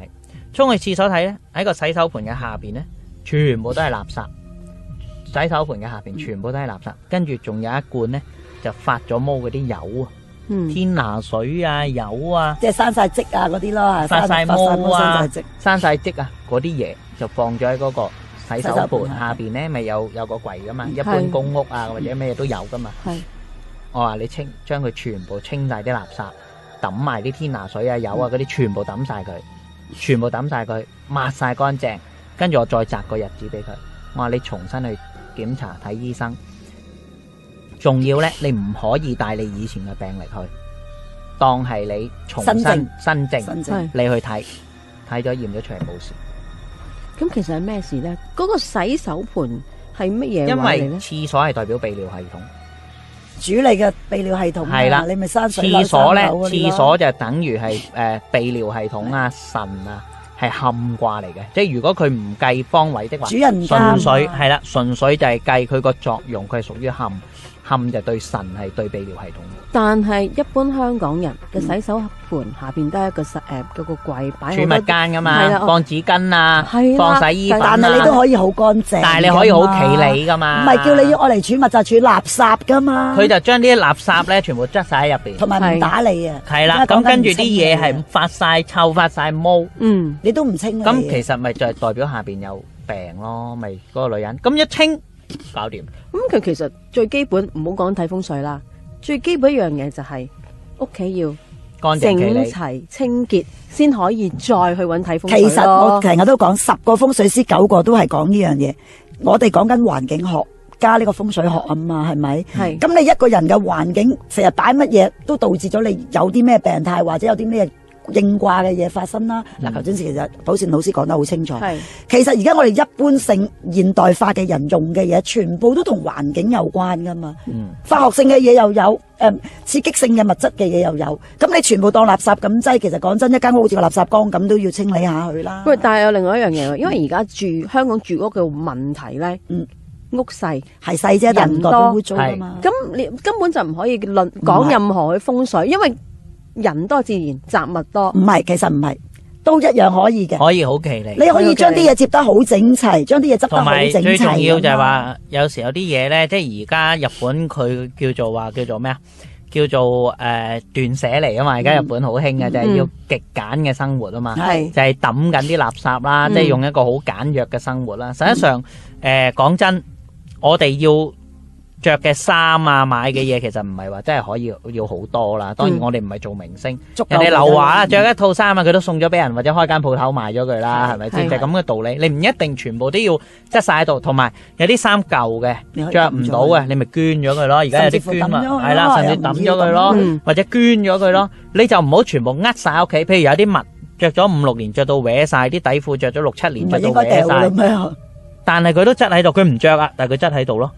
衝去廁所睇咧，喺個洗手盆嘅下邊咧，全部都係垃圾，洗手盆嘅下邊全部都係垃圾，跟住仲有一罐咧就發咗毛嗰啲油啊，天拿水啊油啊，即係生晒積啊嗰啲咯，發晒毛啊，生晒積啊嗰啲嘢就放咗喺嗰個洗手盆下邊咧，咪有有個櫃噶嘛，一般公屋啊或者咩都有噶嘛。我話你清將佢全部清晒啲垃圾，抌埋啲天拿水啊油啊嗰啲全部抌晒佢，全部抌晒佢，抹晒乾淨，跟住我再擇個日子俾佢。我話你重新去檢查睇醫生，仲要呢，你唔可以帶你以前嘅病歷去，當係你重新新症你去睇，睇咗驗咗出嚟冇事。咁其實係咩事呢？嗰、嗰個洗手盤係乜嘢？因為廁所係代表泌尿系統。主理嘅泌尿系統係、啊、啦，的你咪三水咯。廁所咧，啊、廁所就等於係誒泌尿系統啊，腎 啊係坎卦嚟嘅。即係如果佢唔計方位的話，純粹係啦，純、啊、粹就係計佢個作用，佢係屬於坎。冚就對腎，係對泌尿系統，但係一般香港人嘅洗手盆下邊都係一個誒嗰個櫃，擺儲物間噶嘛，放紙巾啊，放洗衣粉，但係你都可以好乾淨，但係你可以好企理噶嘛，唔係叫你愛嚟儲物就儲垃圾噶嘛，佢就將啲垃圾咧全部執晒喺入邊，同埋唔打理啊，係啦，咁跟住啲嘢係發晒臭，發晒毛，嗯，你都唔清，咁其實咪就係代表下邊有病咯，咪嗰個女人，咁一清。搞掂，咁佢其實最基本唔好講睇風水啦，最基本一樣嘢就係屋企要整齊清潔，先可以再去揾睇風水咯。其實我成日都講，十個風水師九個都係講呢樣嘢，我哋講緊環境學加呢個風水學啊嘛，係咪？係咁你一個人嘅環境，成日擺乜嘢都導致咗你有啲咩病態，或者有啲咩。應掛嘅嘢發生啦！嗱，頭先其實寶善老師講得好清楚，係其實而家我哋一般性現代化嘅人用嘅嘢，全部都同環境有關噶嘛。嗯，化學性嘅嘢又有，誒刺激性嘅物質嘅嘢又有，咁你全部當垃圾咁擠，其實講真，一間屋好似個垃圾缸咁，都要清理下去啦。不過，但係有另外一樣嘢，因為而家住香港住屋嘅問題咧，嗯，屋細係細啫，人多係，咁你根本就唔可以論講任何嘅風水，因為。人多自然雜物多，唔係，其實唔係，都一樣可以嘅，可以好企理。你可以將啲嘢接得好整齊，將啲嘢執得好整齊。同埋最重要就係話，有時有啲嘢咧，即係而家日本佢叫做話叫做咩啊？叫做誒斷捨離啊嘛，而家日本好興嘅就係要極簡嘅生活啊嘛，係就係抌緊啲垃圾啦，即係用一個好簡約嘅生活啦。實際上，誒講真，我哋要着嘅衫啊，買嘅嘢其實唔係話真係可以要好多啦。當然我哋唔係做明星，人哋劉華啦，着一套衫啊，佢都送咗俾人或者開間鋪頭賣咗佢啦，係咪先？就係咁嘅道理，你唔一定全部都要執晒喺度。同埋有啲衫舊嘅着唔到嘅，你咪捐咗佢咯。而家有啲舊衫啊，係啦，甚至抌咗佢咯，或者捐咗佢咯。你就唔好全部呃晒喺屋企。譬如有啲襪着咗五六年，着到歪晒啲底褲，着咗六七年，着到歪晒。唔應該掉啦咩？但係佢都質喺度，佢唔着啊，但係佢質喺度咯。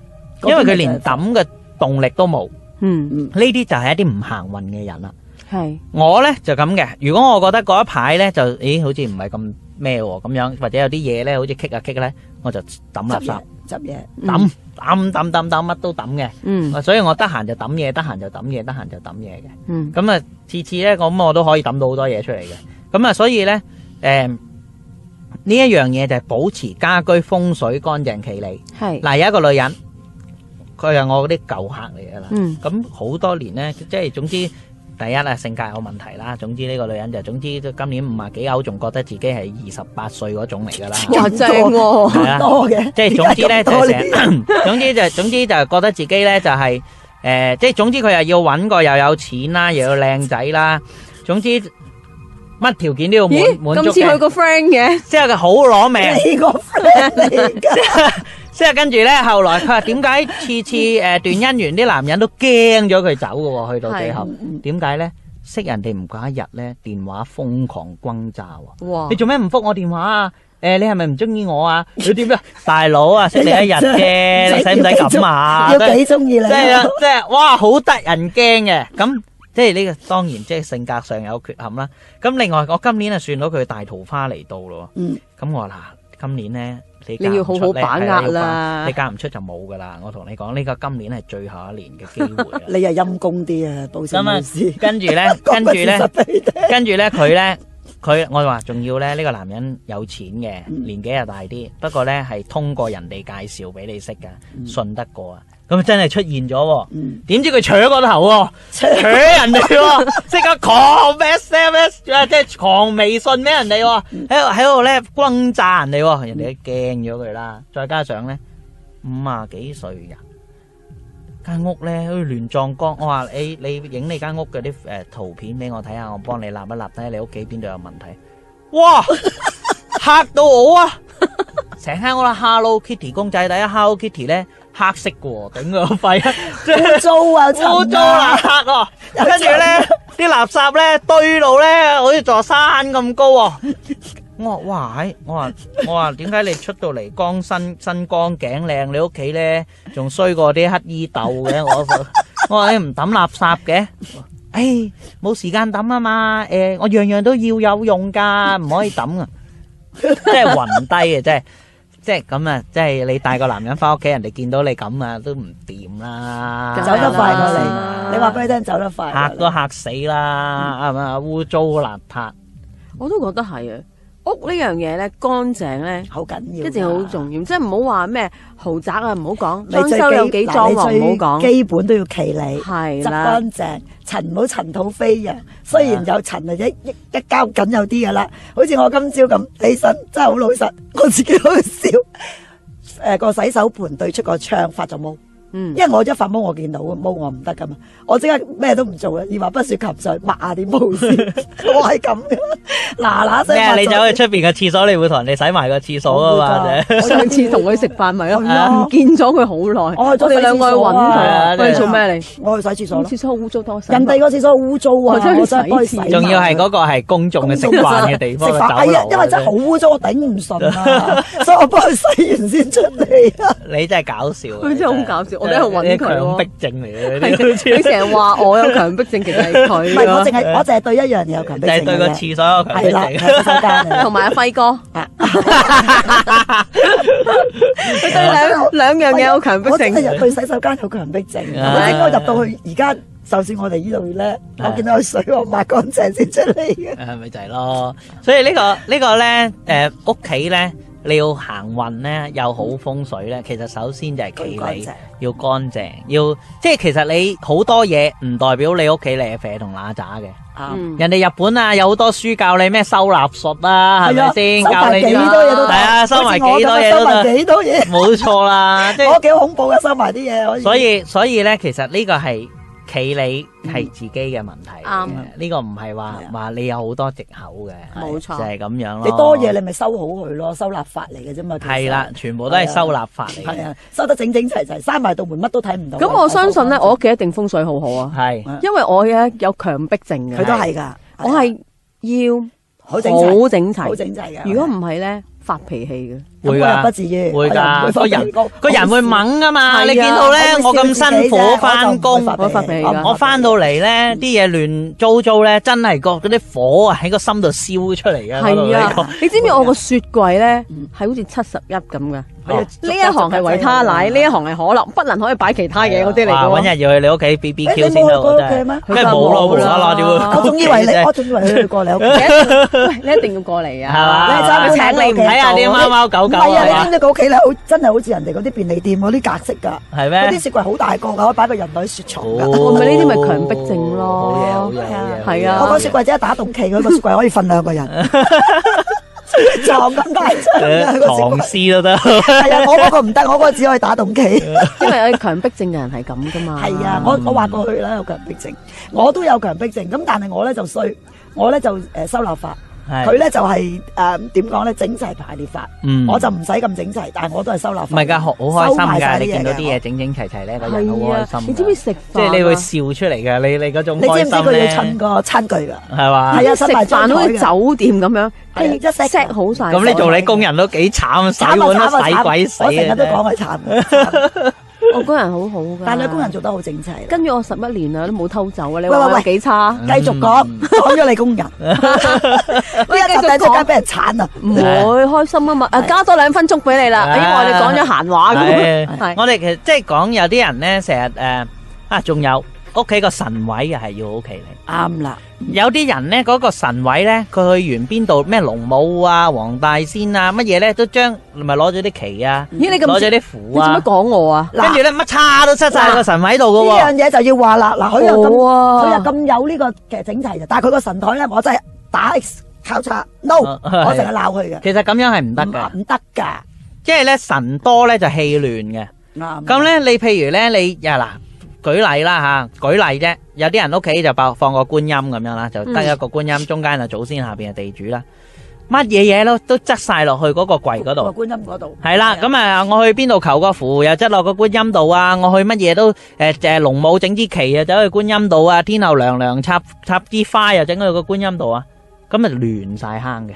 因為佢連抌嘅動力都冇，嗯，呢啲就係一啲唔行運嘅人啦。係我咧就咁嘅。如果我覺得嗰一排咧就，咦，好似唔係咁咩咁樣，或者有啲嘢咧，好似棘啊棘咧，我就抌垃圾，執嘢，抌抌抌抌，乜都抌嘅。嗯，所以我得閒就抌嘢，得閒就抌嘢，得閒就抌嘢嘅。嗯，咁啊，次次咧咁我都可以抌到好多嘢出嚟嘅。咁啊，所以咧誒呢一樣嘢就係保持家居風水乾淨企理係嗱。有一個女人。佢係我嗰啲舊客嚟噶啦，咁好多年咧，即係總之第一啊性格有問題啦，總之呢個女人就總之今年五十幾歐仲覺得自己係二十八歲嗰種嚟噶啦，誇張係啦，即係總之咧就成，總之就總之就覺得自己咧就係誒，即係總之佢又要搵個又有錢啦，又要靚仔啦，總之乜條件都要滿滿足嘅，即係佢好攞命，個 friend 嚟嘅。即係跟住咧，後來佢話點解次次誒斷姻緣啲男人都驚咗佢走嘅？去到最後，點解咧？識人哋唔過一日咧，電話瘋狂轟炸喎！你做咩唔復我電話啊？誒，你係咪唔中意我啊？你點啊？大佬啊，識你一日嘅，使唔使咁啊？都幾中意你。即係即係，哇，好得人驚嘅。咁即係呢個當然即係性格上有缺陷啦。咁另外，我今年啊算到佢大桃花嚟到咯。嗯。咁我話嗱，今年咧。你要好好把握啦，你嫁唔出就冇噶啦。我同你講呢個今年係最後一年嘅機會。 你又陰功啲啊，保險、嗯、跟住呢，跟住呢，跟住 呢，佢呢，佢我話仲要呢，呢、呢個男人有錢嘅，年紀又大啲，嗯、不過呢，係通過人哋介紹俾你識噶，嗯、信得過啊。咁真係出現咗、啊，點知佢搶個頭、啊，搶人哋、啊，即 刻狂 SMS，即係狂微信、啊，俾人哋喺度喺度咧轟炸人哋，人哋都驚咗佢啦。再加上咧五啊幾歲人間屋咧亂撞光，我話你你影你間屋嗰啲誒圖片俾我睇下，我幫你立一立睇下你屋企邊度有問題。哇，嚇到我啊！成間屋啦 Hello Kitty 公仔，第一 Hello Kitty 咧。黑色嘅喎，頂個肺，污 糟是啊，污糟啊，黑跟住咧，啲垃圾咧堆路咧，好似座山咁高哦、啊。我話：哇，我話我話，點解你出到嚟江新新光頸靚？你屋企咧仲衰過啲乞兒兜嘅？我 我話你唔抌垃圾嘅？誒，冇、哎、時間抌啊嘛。誒、呃，我各樣各樣都要有用㗎，唔可以抌啊。即係暈低啊，真係。 即係咁啊！即係你帶個男人翻屋企， 人哋見到你咁啊，都唔掂啦！走得快過你，你話俾佢聽走得快，吓都吓死啦，係咪啊？污糟邋遢，我都覺得係啊。屋呢樣嘢咧乾淨咧好緊要，一定好重要，即係唔好話咩豪宅啊，唔好講裝修有幾裝潢唔好講，基本都要企理，係啦的，乾淨，塵唔好塵土飛揚、啊。雖然有塵的啊，一一一交緊有啲噶啦，好似我今朝咁，你真真係好老實，我自己好少。誒， 個洗手盤對出個窗，發咗毛。嗯，因為我一發毛我見到嘅毛我唔得㗎嘛，我即刻咩都唔做啊！二話不說及嘴抹下啲毛先，我係咁嘅嗱嗱聲。係啊，你走去出邊嘅廁所，你會同人哋洗埋個廁所啊嘛？上次同佢食飯咪咯，唔見咗佢好耐，我哋兩個去搵佢啊！去做咩你？我去洗廁所咯。廁所污糟多，人哋個廁所污糟啊！我幫佢洗。仲要係嗰個係公眾嘅食飯嘅地方嚟走啦。因為真係好污糟，我頂唔順啊，所以我幫佢洗完先出嚟啊！你真係搞笑，佢真係好搞笑。我喺度揾佢，強迫症嚟嘅，你成日話我有強迫症，其實係佢，唔係我。淨係我淨係對一樣嘢有強迫症嘅，淨係對個廁所有強迫症，係啦，洗手間同埋阿輝哥，佢對兩兩樣嘢有強迫症，佢入洗手間有強迫症，我應該入到去而家，就算我哋呢度咧，我見到個水我抹乾淨先出嚟嘅，係咪就係咯？所以呢個呢個咧，誒屋企咧。你要行運咧，又好風水咧，其實首先就係企理乾淨要乾淨，要即係其實你好多嘢唔代表你屋企瀨啡同乸渣嘅。啱、嗯，人哋日本啊有好多書教你咩收納術啊，係咪先？教你呢樣，係啊，收埋幾多嘢都得，收埋幾多嘢，冇 錯啦。即係、我幾恐怖嘅收埋啲嘢，所以所以咧，其實呢個係。企你係自己嘅問題，啱嘅，呢個唔係話話你有好多藉口嘅，冇錯就係咁樣咯。你多嘢你咪收好佢咯，收納法嚟嘅啫嘛。係啦，全部都係收納法嚟嘅。係啊，收得整整齊齊，閂埋道門乜都睇唔到。咁我相信咧，我屋企一定風水好好啊。係，因為我咧有強迫症嘅，佢都係噶。我係要好整齊，好整齊，如果唔係咧發脾氣嘅。會噶，會噶，個人個人會掹噶嘛。你見到咧，我咁辛苦翻工，我翻到嚟咧啲嘢亂糟糟咧，真係覺嗰啲火啊喺個心度燒出嚟啊！係啊，你知唔知我個雪櫃咧係好似七十一咁噶？呢一行係維他奶，呢一行係可樂，不能可以擺其他嘢嗰啲嚟噶。揾日要去你屋企 BBQ 先啦，真係。咩冇咯，冇啦啦點會？我仲以為你，我仲以為你去過你屋企。你一定要過嚟啊！你家下請你唔睇下啲貓貓狗？係啊！你知唔知個屋企咧，好真係好似人哋嗰啲便利店嗰啲格式㗎，係咩？嗰啲雪櫃好大個，可以擺個人袋雪藏㗎。唔係呢啲咪強迫症咯？係啊！我個雪櫃只係打洞棋，嗰個雪櫃可以瞓兩個人，藏咁大隻，藏屍都得。係啊！我嗰個唔得，我嗰個只可以打洞棋，因為強迫症嘅人係咁㗎嘛。係啊！我我話過去啦，有強迫症，我都有強迫症，咁但係我咧就衰，我咧就誒收納法。佢咧就係誒點講咧整齊排列法，我就唔使咁整齊，但係我都係收納。唔係噶，好開心噶，你見到啲嘢整整齊齊咧，個人好開心。你知唔知食即係你會笑出嚟嘅？你你嗰種開心，你知唔知佢要襯個餐具噶？係嘛？係啊，食埋飯好似酒店咁樣，一 set 好晒。咁你做你工人都幾慘，洗碗都洗鬼死，成日都講係慘。我工人好好噶，但係你工人做得好正齊，跟住我十一年啦，都冇偷走啊！你話幾差？喂喂喂繼續、嗯、講，講咗你工人，一踏出界俾人鏟啊！唔會開心啊嘛？誒是、啊，加多兩分鐘俾你啦，啊、因為我哋講咗閒話咁。係，是我哋其實即係講有啲人咧成日誒啊仲有。屋企個神位又係要好企理，啱啦。有啲人咧，嗰個神位咧，佢去完邊度，咩龍母啊、黃大仙啊，乜嘢咧，都將咪攞咗啲旗啊，咦，你咁攞咗啲符啊，做乜講我啊？跟住咧，乜叉都出晒個神位度噶。呢樣嘢就要話啦，嗱，佢又咁，佢又咁有呢個嘅整齊嘅，但係佢個神台咧，我真係打 X 交叉 no，我淨係鬧佢嘅。其實咁樣係唔得嘅，唔得噶，即係咧神多咧就氣亂嘅。啱。咁咧，你譬如咧，你嗱。舉例啦吓，舉例啫。有啲人屋企就放個觀音咁樣啦，就得一個觀音，中間就祖先，下邊係地主啦，乜嘢嘢都都執晒落去嗰個櫃嗰度。觀音嗰度係啦，咁啊的的我去邊度求個符又執落個觀音度啊，我去乜嘢都誒誒龍母整支旗啊，走去觀音度啊，天后娘娘插插支花又整去個觀音度啊，咁啊亂晒坑嘅。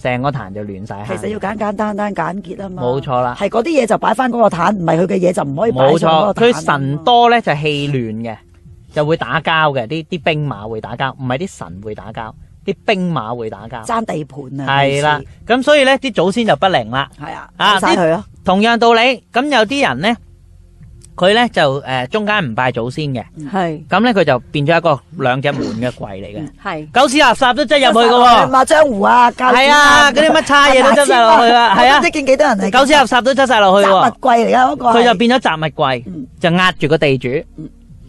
成個壇就亂晒，其實要簡簡單單、簡潔啊嘛。冇錯啦，係嗰啲嘢就擺翻嗰個壇，唔係佢嘅嘢就唔可以擺喺嗰個壇。冇錯，佢神多咧就氣亂嘅， 就會打交嘅，啲啲兵馬會打交，唔係啲神會打交，啲兵馬會打交，爭地盤啊。係啦，咁所以咧啲祖先就不靈啦。係啊，啊，啊，啊，同樣道理，咁有啲人咧。佢咧就誒中間唔拜祖先嘅，咁咧佢就變咗一個兩隻門嘅櫃嚟嘅，狗屎垃圾都擠入去嘅喎，馬江湖啊，係啊，嗰啲乜叉嘢都擠曬落去啦，係啊，即見幾多人係狗屎垃圾都擠曬落去喎，雜物櫃嚟嘅嗰個，佢就變咗雜物櫃，就壓住個地主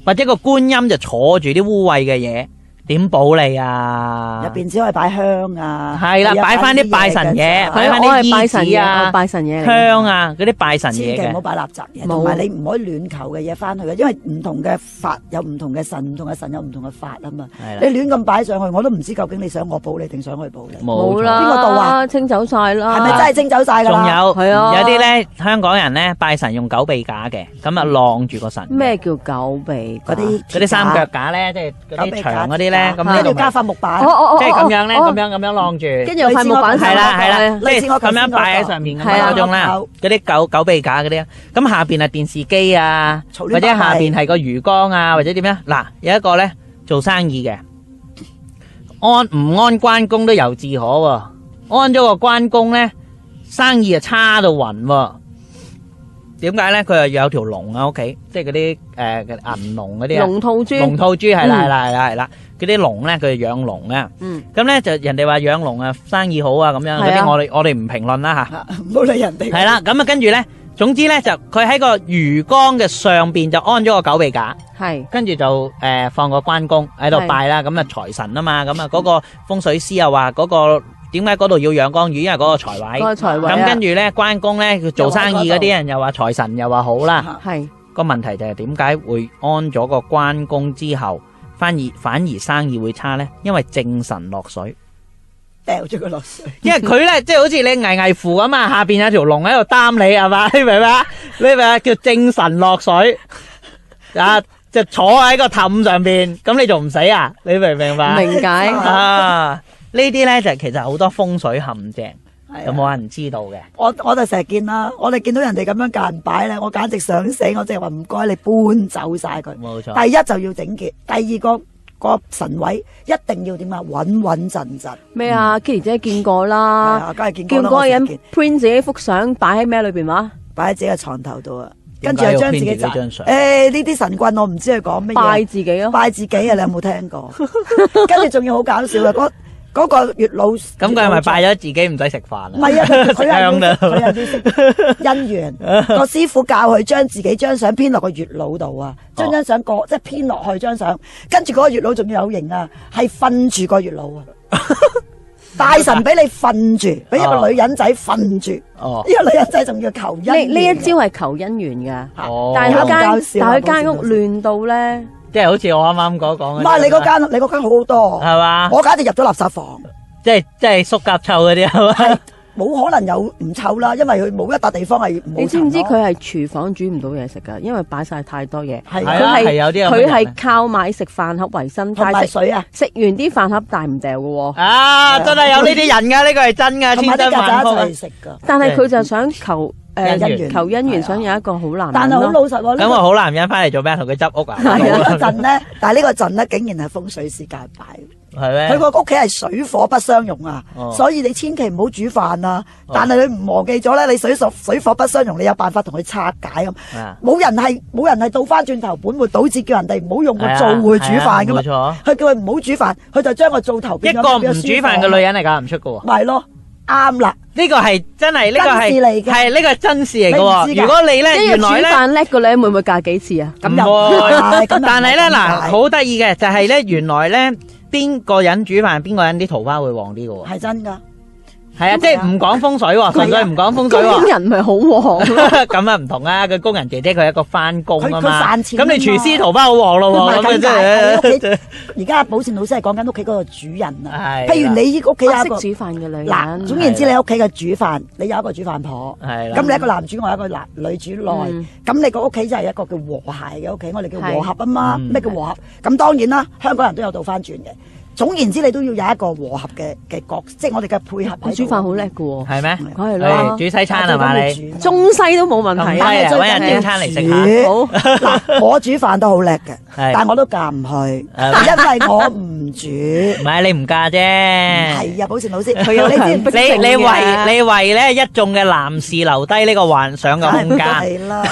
或者個觀音就坐住啲污穢嘅嘢。點補你啊？入邊只可以擺香啊，係啦，擺翻啲拜神嘢，擺翻啲衣紙啊，拜神嘢香啊，嗰啲拜神嘢嘅，唔好擺垃圾嘢，同埋你唔可以亂求嘅嘢翻去嘅，因為唔同嘅法有唔同嘅神，唔同嘅神有唔同嘅法啊嘛。你亂咁擺上去，我都唔知究竟你想我補你定想我補你。冇啦，邊個度啊？清走晒啦，係咪真係清走晒啦？仲有，係啊，有啲咧香港人咧拜神用狗臂架嘅，咁啊晾住個神。咩叫狗臂？嗰啲嗰啲三腳架咧，即係嗰啲長嗰啲咧。咁你要加塊木板，即係咁樣咧，咁樣咁樣晾住，跟住又係木板，係啦係啦，即係咁樣擺喺上面嗰種啦，嗰啲狗狗臂架嗰啲啊。咁下邊係電視機啊，或者下邊係個魚缸啊，或者點樣？嗱，有一個咧做生意嘅，安唔安關公都由自可喎，安咗個關公咧，生意啊差到暈喎。點解咧？佢又有條龍啊，屋企，即係嗰啲誒銀龍嗰啲龍兔豬，龍兔豬係啦係啦係啦係啦，嗰啲龍咧佢養龍啊，咁咧就人哋話養龍啊生意好啊咁樣，嗰啲我哋我哋唔評論啦吓，冇理人哋。係啦，咁啊跟住咧，總之咧就佢喺個魚缸嘅上邊就安咗個九尾架，係是，跟住就誒、呃、放個關公喺度拜啦，咁啊財神啊嘛，咁啊嗰個風水師又話、那個。 那個點解嗰度要養光魚？因為嗰個財位，咁跟住呢關公呢做生意嗰啲人又話財神又話好啦。係個問題就係點解會安咗個關公之後，反而反而生意會差呢？因為正神落水，掉咗佢落水，因為佢呢即係好似你危危乎啊嘛，下邊有條龍喺度擔你係嘛？你明唔明啊？你明唔明叫正神落水？啊，就坐喺個氹上邊，咁你仲唔死啊？你明唔明白？明解啊！呢啲咧就其實好多風水陷阱，有冇人知道嘅？我我就成日見啦，我哋見到人哋咁樣教人擺咧，我簡直想死，我淨係話唔該你搬走晒佢。冇錯，第一就要整潔，第二個個神位一定要點啊？穩穩陣陣咩啊？Kitty 姐見過啦，見嗰個人 print 自己幅相擺喺咩裏邊話？擺喺自己嘅牀頭度啊，跟住又將自己執張相。誒呢啲神棍，我唔知佢講咩。拜自己咯，拜自己啊！你有冇聽過？跟住仲要好搞笑嘅嗰個月老咁佢係咪拜咗自己唔使食飯啊？唔係啊，佢係佢有啲識姻緣。個師傅教佢將自己張相編落個月老度啊，將張相過即係編落去張相，跟住嗰個月老仲要有型啊，係瞓住個月老啊。大神俾你瞓住，俾一個女人仔瞓住。哦，呢個女人仔仲要求姻，呢呢一招係求姻緣噶。但係佢間但係佢間屋亂到咧。即係好似我啱啱講講，唔係你嗰間，你嗰間好多係嘛？我簡直入咗垃圾房，即係即係縮夾臭嗰啲係嘛？冇可能有唔臭啦，因為佢冇一笪地方係。你知唔知佢係廚房煮唔到嘢食噶？因為擺晒太多嘢。係係有啲人。佢係靠買食飯盒為生，同埋水啊！食完啲飯盒帶唔掉噶喎！啊！真係有呢啲人噶，呢個係真噶，千真萬確。但係佢就想求。誒，姻緣求姻緣，想有一個好男人咯。咁個好男人翻嚟做咩？同佢執屋啊？一陣咧，但係呢個陣咧，竟然係風水世界擺。係咩？佢個屋企係水火不相容啊，所以你千祈唔好煮飯啦。但係你唔忘記咗咧，你水水水火不相容，你有辦法同佢拆解咁。冇人係冇人係倒翻轉頭本會，導致叫人哋唔好用個灶會煮飯噶嘛。佢叫佢唔好煮飯，佢就將個灶頭。一個唔煮飯嘅女人嚟噶，嫁唔出噶。係咯。啱啦，呢個係真係呢個係係呢個係真事嚟嘅喎！如果你咧原來咧叻個女會唔會嫁幾次啊？咁喎，但係咧嗱，好得意嘅就係、是、咧，原來咧邊個人煮飯，邊個人啲桃花會旺啲噶喎。係真噶。係啊，即係唔講風水喎，純粹唔講風水喎。工人唔係好旺。咁啊唔同啊，個工人姐姐佢係一個翻工啊嘛。咁你廚師、桃花好旺咯喎，咁真係。而家寶善老師係講緊屋企嗰個主人啊。譬如你屋企有個識煮飯嘅女人。總言之，你屋企嘅煮飯，你有一個煮飯婆。係。咁你一個男主外一個男女主內，咁你個屋企就係一個叫和諧嘅屋企，我哋叫和合啊嘛。咩叫和合？咁當然啦，香港人都有倒翻轉嘅。總言之，你都要有一個和合嘅嘅角色，即係我哋嘅配合。煮飯好叻㗎喎，係咩？係咯，煮西餐啦嘛，你中西都冇問題啊！搵人點餐嚟食嗱，我煮飯都好叻嘅，但我都嫁唔去，因為我唔煮。唔係你唔嫁啫，係啊，寶善老師，佢啊呢啲，你你為你為咧一眾嘅男士留低呢個幻想嘅空間，係啦，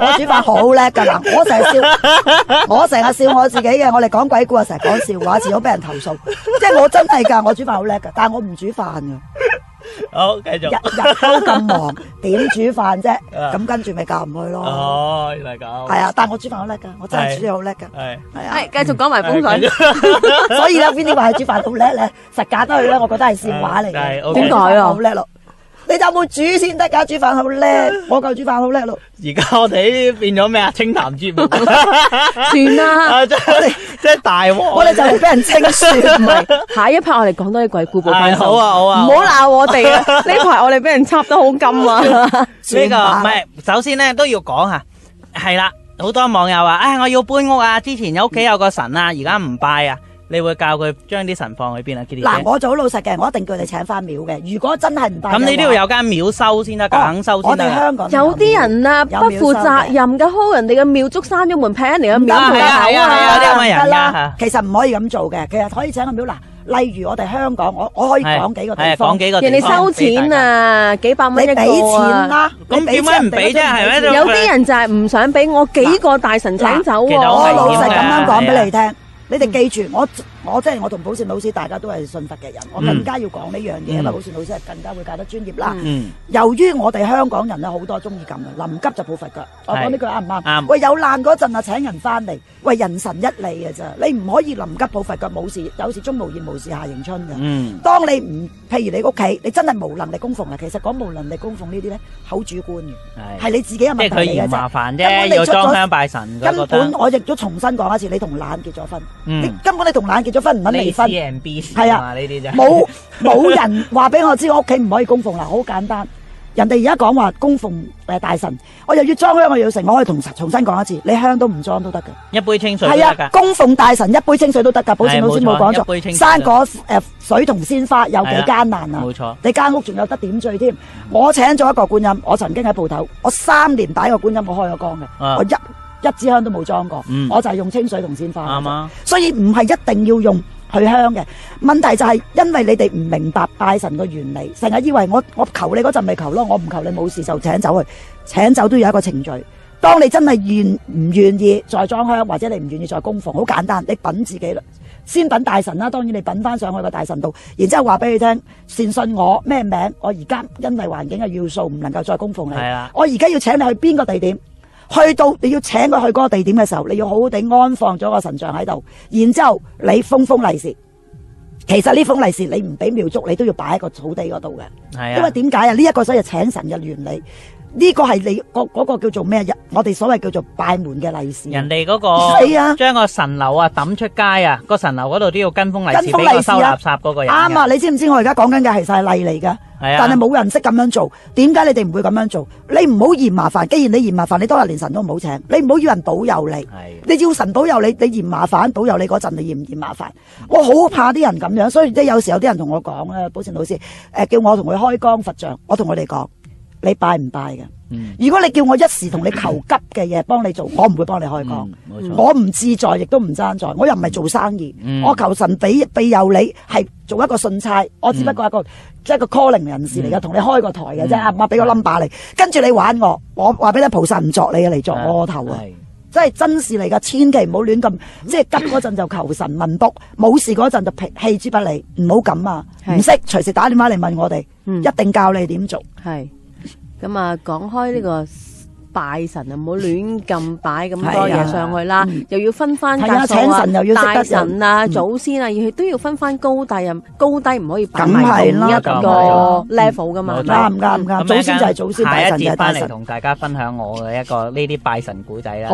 我煮飯好叻嘅嗱，我成日笑，我成日笑我自己嘅，我哋講鬼故啊，成日講。話只好俾人投訴，即係我真係噶，我煮飯好叻噶，但我唔煮飯噶。好，繼續日日都咁忙，點 煮飯啫？咁跟住咪嫁唔去咯。哦，oh, 原來咁，係啊！但係我煮飯好叻噶，我真係煮嘢好叻噶。係係，繼續講埋風水。嗯哎、 所以咧，邊啲話係煮飯好叻咧，實嫁得去咧？我覺得係笑話嚟嘅。點解啊？好叻咯！Okay 有 你就冇煮先得噶，煮飯好叻，我夠煮飯好叻咯。而家我哋呢變咗咩 了 啊？清談節目，算啦。 我哋即係大鑊，我哋就係俾人清算，唔係下一排我哋講多啲鬼故報翻手啊！好啊，唔好鬧我哋啊！呢排我哋俾、啊、 人插得好金啊！呢 了、這個唔係，首先咧都要講下，係啦，好多網友話，哎，我要搬屋啊！之前有屋企有個神啊，而家唔拜啊。你會教佢將啲神放喺邊啊？嗱，我就好老實嘅，我一定叫你請翻廟嘅。如果真係唔得，咁你都要有間廟收先得，梗收先得。我哋香港有啲人啊，不負責任嘅，薅人哋嘅廟足閂咗門，劈人哋嘅廟同佢走啊！有啲人啊，其實唔可以咁做嘅，其實可以請個廟嗱。例如我哋香港，我我可以講幾個地方，人哋收錢啊，幾百蚊一個啊，你俾錢啦，你點解唔俾啫？係咪有啲人就係唔想俾我幾個大神請走？我老實咁樣講俾你聽。你哋記住我。我即係我同寶善老師，大家都係信佛嘅人，我更加要講呢樣嘢，因為寶善老師係更加會教得專業啦。嗯。由於我哋香港人咧，好多中意咁啊，臨急就抱佛腳。我講呢句啱唔啱？啱。喂，有難嗰陣啊，請人翻嚟，喂，人神一理嘅咋，你唔可以臨急抱佛腳，冇事有事鍾無艷，無事夏迎春嘅。嗯。當你唔，譬如你屋企，你真係無能力供奉啊。其實講無能力供奉呢啲咧，好主觀嘅，係你自己嘅問題嚟嘅啫。即係佢唔麻煩啫，要裝香拜神。根本我亦都重新講一次，你同懶結咗婚。嗯。根本你同懶結。咗婚唔肯離婚係啊呢啲就冇冇人話俾我知我屋企唔可以供奉啦，好簡單。人哋而家講話供奉誒大神，我又要裝香，我又要成，我可以同重新講一次，你香都唔裝都得嘅，一杯清水都得噶。供奉大神一杯清水都得噶，寶善老師冇講錯。一杯清水，生果誒水同鮮花有幾艱難啊？冇錯，你間屋仲有得點綴添。我請咗一個觀音，我曾經喺鋪頭，我三年打一個觀音，我開咗光嘅，我一。一支香都冇裝過，嗯、我就係用清水同鮮花。嗯、所以唔係一定要用去香嘅。問題就係因為你哋唔明白拜神嘅原理，成日以為我我求你嗰陣咪求咯，我唔求你冇事就請走去，請走都有一個程序。當你真係願唔願意再裝香，或者你唔願意再供奉，好簡單，你稟自己啦。先稟大神啦，當然你稟翻上去個大神度，然之後話俾佢聽，善信我咩名，我而家因為環境嘅要素唔能夠再供奉你，的我而家要請你去邊個地點。去到你要請佢去嗰個地點嘅時候，你要好好地安放咗個神像喺度，然之後你封封利是。其實呢封利是你唔俾廟祝，你都要擺喺個草地嗰度嘅。係啊，因為點解啊？呢、這、一個所以請神嘅原理。呢個係你嗰嗰、那個叫做咩？我哋所謂叫做拜門嘅利是。人哋嗰、那個，係啊，將個神樓啊抌出街啊，個神樓嗰度都要跟風利是、啊、收垃圾嗰個人，啱啊！你知唔知我而家講緊嘅其實係例嚟噶？啊、但係冇人識咁樣做，點解你哋唔會咁樣做？你唔好嫌麻煩，既然你嫌麻煩，你當日連神都唔好請，你唔好要人保佑你，啊、你要神保佑你，你嫌麻煩，保佑你嗰陣你嫌唔嫌麻煩？我好怕啲人咁樣，所以即係有時有啲人同我講咧，寶善老師，誒、呃，叫我同佢開光佛像，我同佢哋講。你拜唔拜嘅？如果你叫我一時同你求急嘅嘢幫你做，我唔會幫你開講。我唔志在，亦都唔爭在。我又唔係做生意。我求神俾庇佑你，係做一個信差。我只不過一個一個 calling 人士嚟噶，同你開個台嘅啫。阿媽俾個 number 你，跟住你玩我。我話俾你，菩薩唔作你啊，嚟作我個頭啊，真係真事嚟噶。千祈唔好亂咁，即係急嗰陣就求神問卜，冇事嗰陣就棄之不理。唔好咁啊，唔識隨時打電話嚟問我哋，一定教你點做。咁啊，講開呢個拜神啊，唔好亂咁擺咁多嘢上去啦，又要分翻級數啊，拜神啊，祖先啊，要都要分翻高低，又高低唔可以擺喺同一個 level 噶嘛，啱唔啱？咁祖先就係祖先拜神嘅，同大家分享我嘅一個呢啲拜神古仔啦。